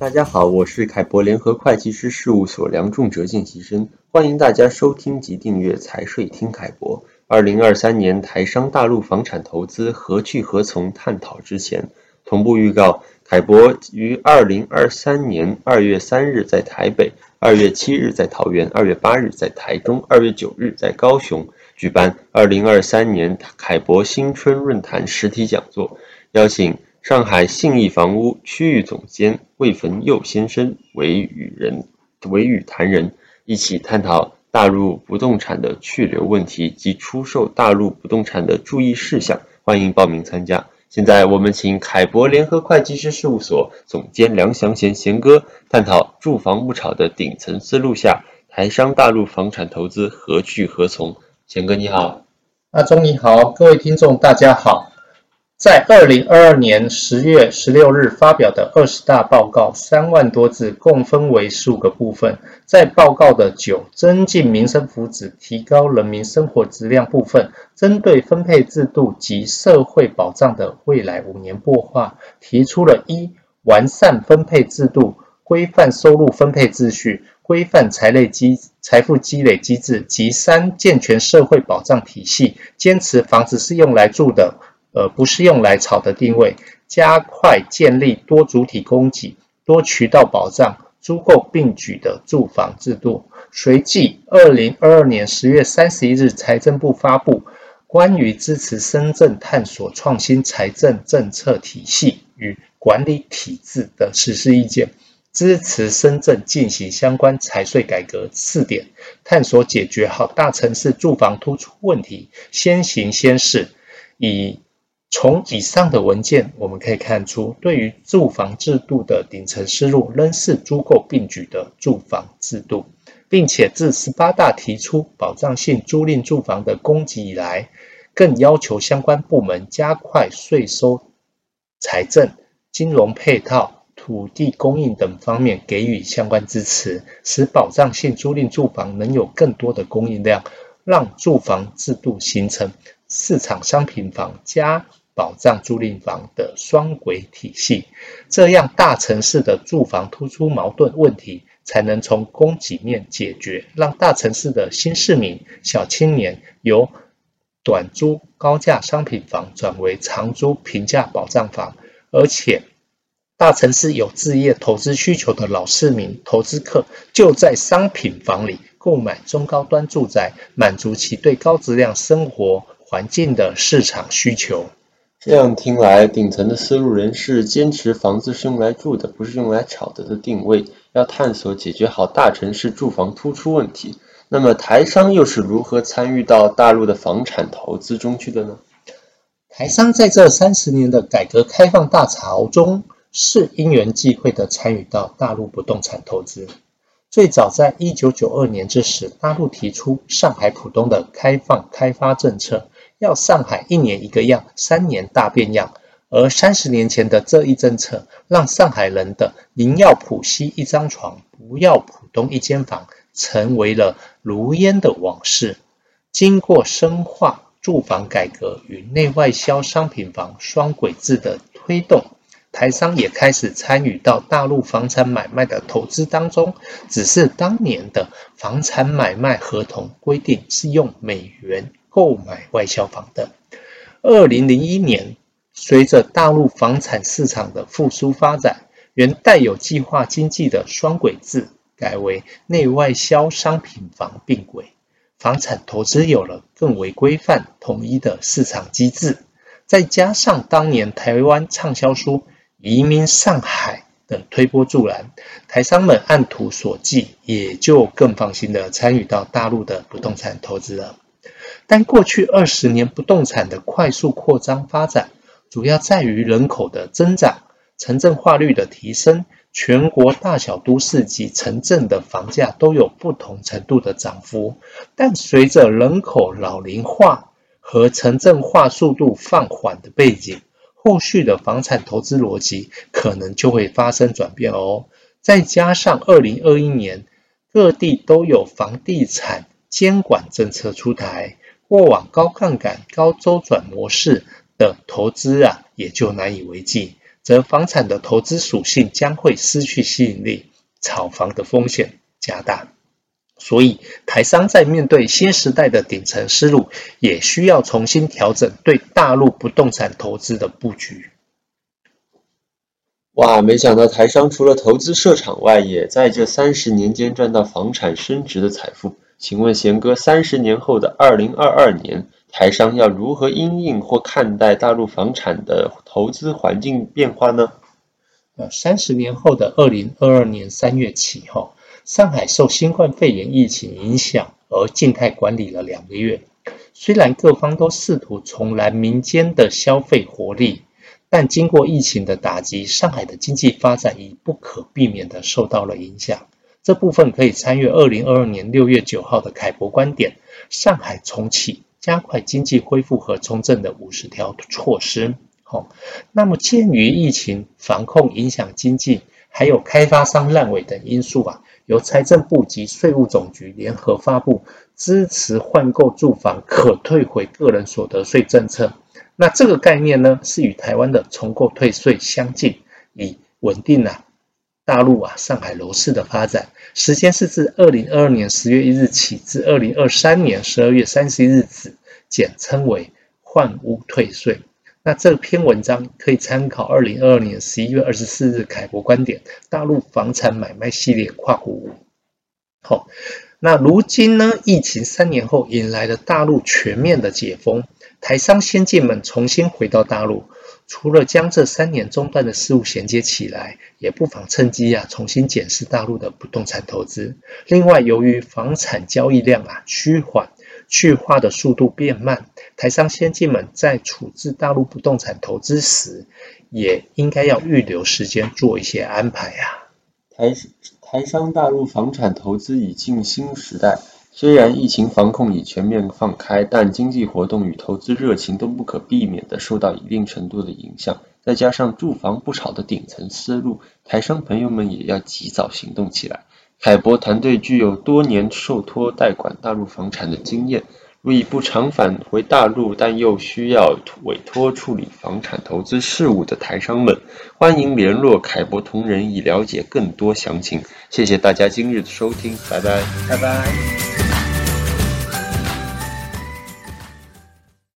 大家好，我是凱博聯合會計師事務所梁仲哲見習生，歡迎大家收聽及訂閱財稅聽凱博。二零二三年台商大陸房產投資何去何從？探討之前，同步預告凱博於二零二三年二月三日在台北，二月七日在桃園，二月八日在台中，二月九日在高雄舉辦二零二三年凱博新春論壇實體講座，邀請，上海信義房屋區域總監魏逢佑先生為與人，為與談人一起探討大陸不動產的去留問題及出售大陸不動產的注意事項，歡迎報名參加。現在我們請凱博聯合會計師事務所總監梁祥賢賢哥探討住房不炒的頂層思路下台商大陸房產投資何去何從。賢哥你好，阿忠你好，各位聽眾大家好。在二零二二年十月十六日發表的二十大報告，三萬多字，共分為十五個部分。在報告的九“增進民生福祉，提高人民生活質量”部分，針對分配制度及社會保障的未來五年規劃，提出了一完善分配制度，規範收入分配秩序，規範財累積財富積累機制；及三健全社會保障體系，堅持房子是用來住的，而不是用來炒的定位，加快建立多主體供給、多渠道保障、租購並舉的住房制度。隨即，二零二二年十月三十一日，財政部發佈《關於支持深圳探索創新財政政策體系與管理體制的實施意見》，支持深圳進行相關財稅改革試點，探索解決好大城市住房突出問題，先行先試，以。從以上的文件，我們可以看出，對於住房制度的頂層思路，仍是租購並舉的住房制度，並且自十八大提出保障性租賃住房的供給以來，更要求相關部門加快稅收、財政、金融配套、土地供應等方面給予相關支持，使保障性租賃住房能有更多的供應量，讓住房制度形成市場商品房加。保障租賃房的雙軌體系，這樣大城市的住房突出矛盾問題才能從供給面解決，讓大城市的新市民、小青年由短租高價商品房轉為長租平價保障房，而且大城市有置業投資需求的老市民、投資客就在商品房裡購買中高端住宅，滿足其對高質量生活環境的市場需求。這樣聽來，頂層的思路仍是堅持房子是用來住的，不是用來炒的的定位，要探索解決好大城市住房突出問題。那麼台商又是如何參與到大陸的房產投資中去的呢？台商在這三十年的改革開放大潮中，是因緣際會的參與到大陸不動產投資。最早在一九九二年之時，大陸提出上海浦東的開放開發政策。要上海一年一個樣，三年大變樣。而三十年前的這一政策，讓上海人的“寧要浦西一張床，不要浦東一間房”成為了如煙的往事。經過深化住房改革與內外銷商品房雙軌制的推動，台商也開始參與到大陸房產買賣的投資當中。只是當年的房產買賣合同規定是用美元。購買外銷房的。2001年，隨着大陸房產市場的復甦發展，原帶有計劃經濟的雙軌制改為內外銷商品房併軌，房產投資有了更為規範統一的市場機制。再加上當年台灣暢銷書《移民上海》等推波助瀾，台商們按圖索驥，也就更放心地參與到大陸的不動產投資了。但過去二十年不動產的快速擴張發展，主要在於人口的增長、城鎮化率的提升，全國大小都市及城鎮的房價都有不同程度的漲幅。但隨着人口老齡化和城鎮化速度放緩的背景，後續的房產投資邏輯可能就會發生轉變哦。再加上二零二一年，各地都有房地產監管政策出台。過往高槓桿、高周轉模式的投資啊，也就難以為繼，則房產的投資屬性將會失去吸引力，炒房的風險加大。所以，台商在面對新時代的頂層思路，也需要重新調整對大陸不動產投資的布局。哇，沒想到台商除了投資設廠外，也在這三十年間賺到房產升值的財富。請問賢哥，三十年後的？二零二二年，台商要如何因應或看待大陸房產的投資環境變化呢？呃，三十年後的二零二二年三月起，哈，上海受新冠肺炎疫情影響而靜態管理了兩個月。雖然各方都試圖重燃民間的消費活力，但經過疫情的打擊，上海的經濟發展已不可避免地受到了影響。這部分可以參閱二零二二年六月九號的凱博觀點。上海重啟加快經濟恢復和重振的五十條措施，吼、哦，那麼鑑於疫情防控影響經濟，還有開發商爛尾等因素啊，由財政部及稅務總局聯合發布支持換購住房可退回個人所得稅政策。那這個概念呢，是與台灣的重購退稅相近，以穩定啊。大陸啊，上海樓市的發展時間是自二零二二年十月一日起至二零二三年十二月三十一日止，簡稱為換屋退稅。那這篇文章可以參考二零二二年十一月二十四日凱博觀點《大陸房產買賣系列》跨股五、哦。那如今呢？疫情三年後迎來了大陸全面的解封，台商先進們重新回到大陸。除了將這三年中斷的事物銜接起來，也不妨趁機呀、啊、重新檢視大陸的不動產投資。另外，由於房產交易量啊趨緩，去化的速度變慢，台商先進們在處置大陸不動產投資時，也應該要預留時間做一些安排呀、啊。台台商大陸房產投資已進新時代。雖然疫情防控已全面放開，但經濟活動與投資熱情都不可避免地受到一定程度的影響。再加上“住房不炒”的頂層思路，台商朋友們也要及早行動起來。凱博團隊具有多年受托代管大陸房產的經驗，如以不常返回大陸，但又需要委托處理房產投資事務的台商們，歡迎聯絡凱博同仁以了解更多詳情。謝謝大家今日的收聽，拜拜，拜拜。